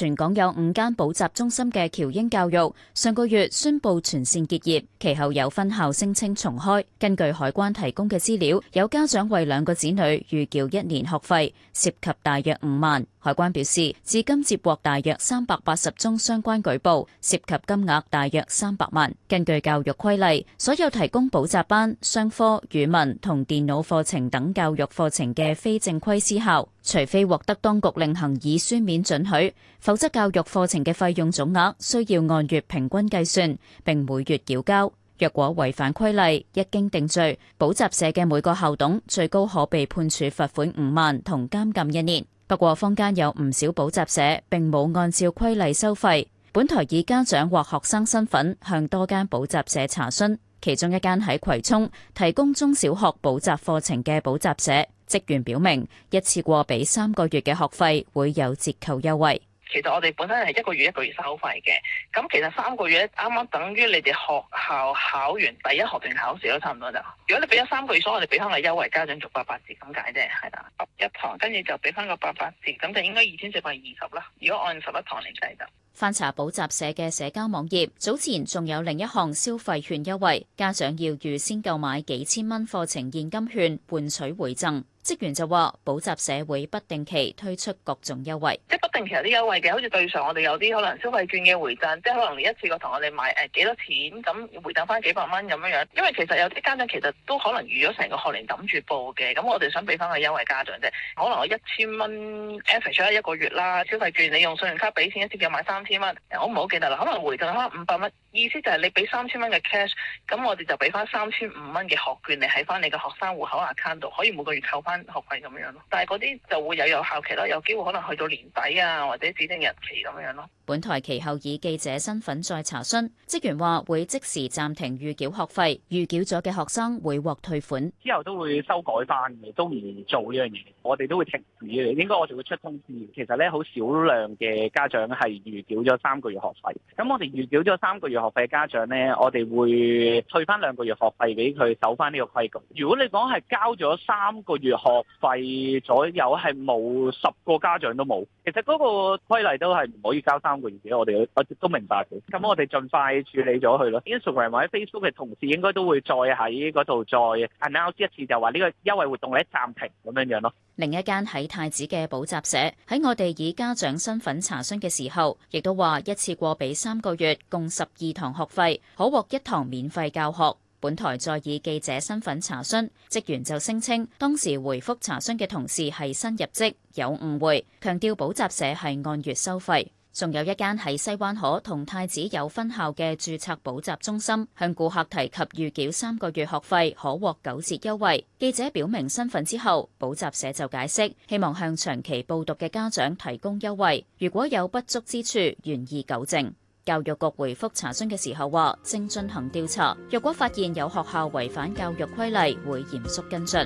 全港有五間補習中心嘅翹英教育上個月宣佈全線結業，其後有分校聲稱重開。根據海關提供嘅資料，有家長為兩個子女預繳一年學費，涉及大約五萬。海關表示，至今接獲大約三百八十宗相關舉報，涉及金額大約三百萬。根據教育規例，所有提供補習班、商科、語文同電腦課程等教育課程嘅非正規私校，除非獲得當局另行以書面准許，否則教育課程嘅費用總額需要按月平均計算，並每月繳交。若果違反規例，一經定罪，補習社嘅每個校董最高可被判處罰款五萬同監禁一年。不過坊間有唔少補習社，並冇按照規例收費。本台以家長或學生身份向多間補習社查詢，其中一間喺葵涌提供中小學補習課程嘅補習社職員表明，一次過俾三個月嘅學費會有折扣優惠。其實我哋本身係一個月一個月收費嘅，咁其實三個月啱啱等於你哋學校考完第一學年考試都差唔多就。如果你俾咗三個月，所以我哋俾翻個優惠家長逐八八折咁解啫，係啦，十一堂跟住就俾翻個八八折，咁就應該二千四百二十啦。如果按十一堂嚟計就。翻查補習社嘅社交網頁，早前仲有另一項消費券優惠，家長要預先購買幾千蚊課程現金券換取回贈。職員就話，補習社會不定期推出各種優惠，即係不定期有啲優惠嘅，好似對上我哋有啲可能消費券嘅回贈，即係可能你一次過同我哋買誒幾多錢，咁回贈翻幾百蚊咁樣樣。因為其實有啲家長其實都可能預咗成個學年抌住報嘅，咁我哋想俾翻個優惠家長啫。可能我一千蚊 extra 一個月啦，消費券你用信用卡俾錢一次，就買三千蚊，我唔好記得啦，可能回贈翻五百蚊。意思就係你俾三千蚊嘅 cash，咁我哋就俾翻三千五蚊嘅學券你喺翻你嘅學生戶口 account 度，可以每個月扣翻學費咁樣咯。但係嗰啲就會有有效期咯，有機會可能去到年底啊，或者指定日期咁樣咯。本台其後以記者身份再查詢，職員話會即時暫停預繳學費，預繳咗嘅學生會獲退款，之後都會修改翻嘅，都唔做呢樣嘢。我哋都會停止嘅，應該我哋會出通知。其實咧好少量嘅家長係預繳咗三個月學費，咁我哋預繳咗三個月。學費家長咧，我哋會退翻兩個月學費俾佢守翻呢個規矩。如果你講係交咗三個月學費，左右，係冇十個家長都冇。其實嗰個規例都係唔可以交三個月嘅，我哋我都明白嘅。咁我哋盡快處理咗佢咯。Instagram 或者 Facebook 嘅同事應該都會再喺嗰度再 announce 一次，就話呢個優惠活動咧，暫停咁樣樣咯。另一間喺太子嘅補習社喺我哋以家長身份查詢嘅時候，亦都話一次過俾三個月，共十二。堂學費可獲一堂免費教學。本台再以記者身份查詢，職員就聲稱當時回覆查詢嘅同事係新入職，有誤會，強調補習社係按月收費。仲有一間喺西灣河同太子有分校嘅註冊補習中心，向顧客提及預繳三個月學費可獲九折優惠。記者表明身份之後，補習社就解釋，希望向長期報讀嘅家長提供優惠。如果有不足之處，願意糾正。教育局回覆查詢嘅時候話，正進行調查，若果發現有學校違反教育規例，會嚴肅跟進。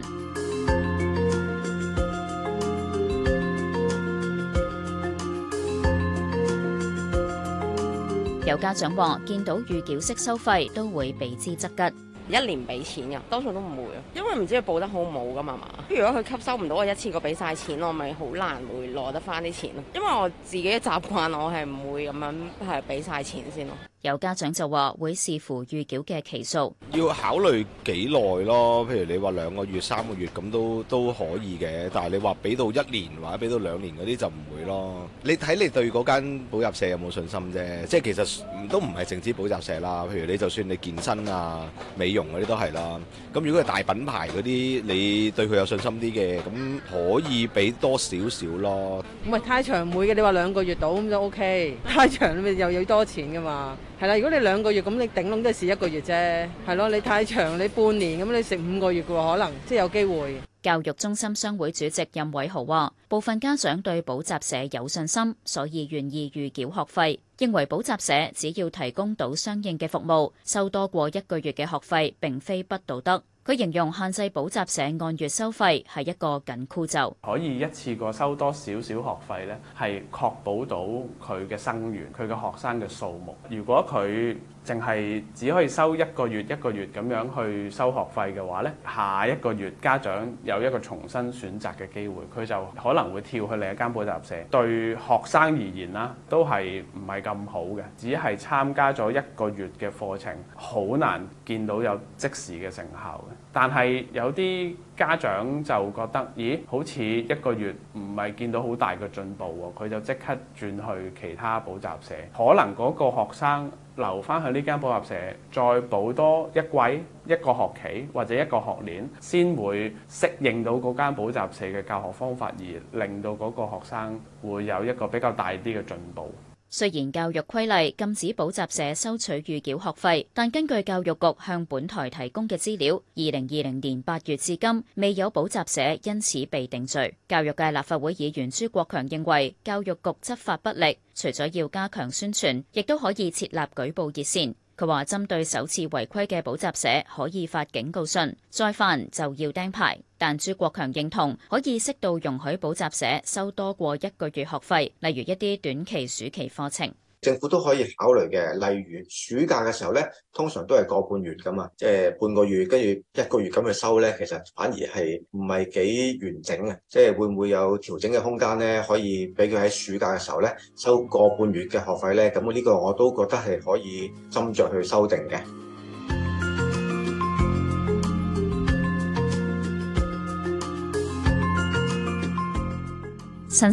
有家長話，見到預繳式收費都會避之則吉。一年俾錢㗎，多數都唔會啊，因為唔知佢補得好唔好㗎嘛嘛。如果佢吸收唔到，我一次過俾晒錢，我咪好難會攞得翻啲錢咯。因為我自己習慣，我係唔會咁樣係俾晒錢先咯。有家長就話會視乎預繳嘅期數，要考慮幾耐咯。譬如你話兩個月、三個月咁都都可以嘅，但係你話俾到一年或者俾到兩年嗰啲就唔會咯。你睇你對嗰間補習社有冇信心啫。即係其實都唔係淨止補習社啦。譬如你就算你健身啊、美容嗰啲都係啦。咁如果係大品牌嗰啲，你對佢有信心啲嘅，咁可以俾多少少咯。唔係太長會嘅，你話兩個月到咁就 OK。太長你咪又要多錢㗎嘛。係啦，如果你兩個月咁，你頂籠都係試一個月啫，係咯，你太長你半年咁，你食五個月嘅喎可能，即係有機會。教育中心商會主席任偉豪話，部分家長對補習社有信心，所以願意預繳學費，認為補習社只要提供到相應嘅服務，收多過一個月嘅學費並非不道德。佢形容限制補習社按月收費係一個緊箍咒，可以一次過收多少少學費咧，係確保到佢嘅生源、佢嘅學生嘅數目。如果佢淨係只可以收一個月一個月咁樣去收學費嘅話呢，下一個月家長有一個重新選擇嘅機會，佢就可能會跳去另一間補習社。對學生而言啦，都係唔係咁好嘅，只係參加咗一個月嘅課程，好難見到有即時嘅成效嘅。但係有啲家長就覺得，咦，好似一個月唔係見到好大嘅進步喎，佢就即刻轉去其他補習社。可能嗰個學生留翻去呢間補習社，再補多一季、一個學期，或者一個學年，先會適應到嗰間補習社嘅教學方法，而令到嗰個學生會有一個比較大啲嘅進步。雖然教育規例禁止補習社收取預繳學費，但根據教育局向本台提供嘅資料，二零二零年八月至今，未有補習社因此被定罪。教育界立法會議員朱國強認為，教育局執法不力，除咗要加強宣傳，亦都可以設立舉報熱線。佢話：針對首次違規嘅補習社，可以發警告信；再犯就要釘牌。但朱國強認同，可以適度容許補習社收多過一個月學費，例如一啲短期暑期課程。政府都可以考慮嘅，例如暑假嘅時候咧，通常都係個半月㗎嘛，即、呃、係半個月跟住一個月咁去收咧，其實反而係唔係幾完整呀，即係會唔會有調整嘅空間咧？可以俾佢喺暑假嘅時候咧收個半月嘅學費咧，咁呢個我都覺得係可以斟酌去修正嘅。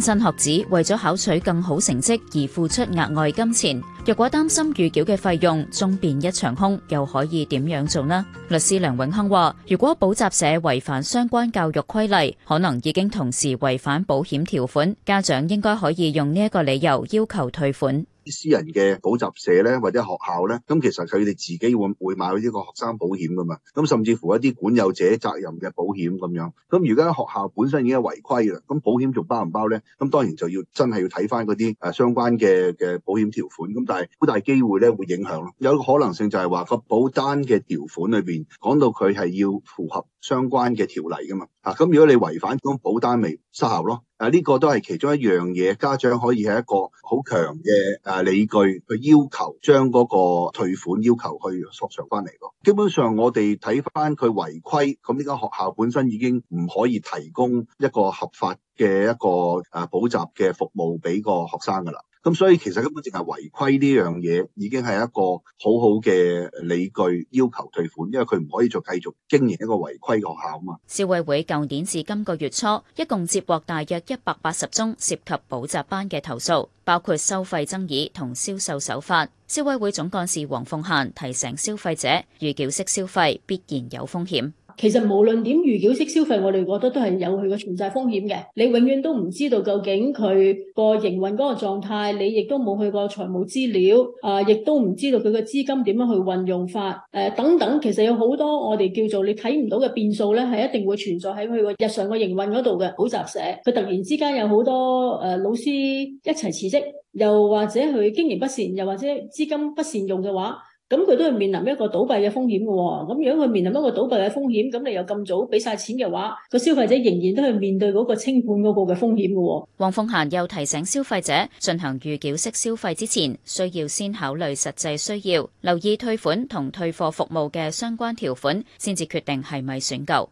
莘莘學子為咗考取更好成績而付出額外金錢，若果擔心預繳嘅費用終變一場空，又可以點樣做呢？律師梁永亨話，如果補習社違反相關教育規例，可能已經同時違反保險條款，家長應該可以用呢一個理由要求退款。啲私人嘅補習社咧，或者學校咧，咁其實佢哋自己會會買呢個學生保險噶嘛，咁甚至乎一啲管有者責任嘅保險咁樣，咁而家學校本身已經違規啦，咁保險仲包唔包咧？咁當然就要真係要睇翻嗰啲誒相關嘅嘅保險條款，咁但係好大機會咧會影響咯。有一個可能性就係話個保單嘅條款裏邊講到佢係要符合相關嘅條例噶嘛，啊咁如果你違反咁保單咪失效咯。啊！呢、這個都係其中一樣嘢，家長可以係一個好強嘅誒理據去要求將嗰個退款要求去索償翻嚟。基本上我，我哋睇翻佢違規，咁呢間學校本身已經唔可以提供一個合法嘅一個誒、啊、補習嘅服務俾個學生㗎啦。咁、嗯、所以其實根本淨係違規呢樣嘢，已經係一個好好嘅理據要求退款，因為佢唔可以再繼續經營一個違規學校啊嘛。消委會舊年至今個月初，一共接獲大約一百八十宗涉及補習班嘅投訴，包括收費爭議同銷售手法。消委會總幹事黃鳳嫻提醒消費者，預繳式消費必然有風險。其實無論點預繳式消費，我哋覺得都係有佢個存在風險嘅。你永遠都唔知道究竟佢個營運嗰個狀態，你亦都冇去過財務資料，啊，亦都唔知道佢個資金點樣去運用法，誒、啊、等等。其實有好多我哋叫做你睇唔到嘅變數咧，係一定會存在喺佢個日常個營運嗰度嘅。補習社佢突然之間有好多誒、啊、老師一齊辭職，又或者佢經營不善，又或者資金不善用嘅話。咁佢都係面臨一個倒閉嘅風險嘅喎、哦，咁如果佢面臨一個倒閉嘅風險，咁你又咁早俾晒錢嘅話，個消費者仍然都係面對嗰個清盤嗰個嘅風險嘅喎、哦。黃鳳嫻又提醒消費者進行預繳式消費之前，需要先考慮實際需要，留意退款同退貨服務嘅相關條款，先至決定係咪選購。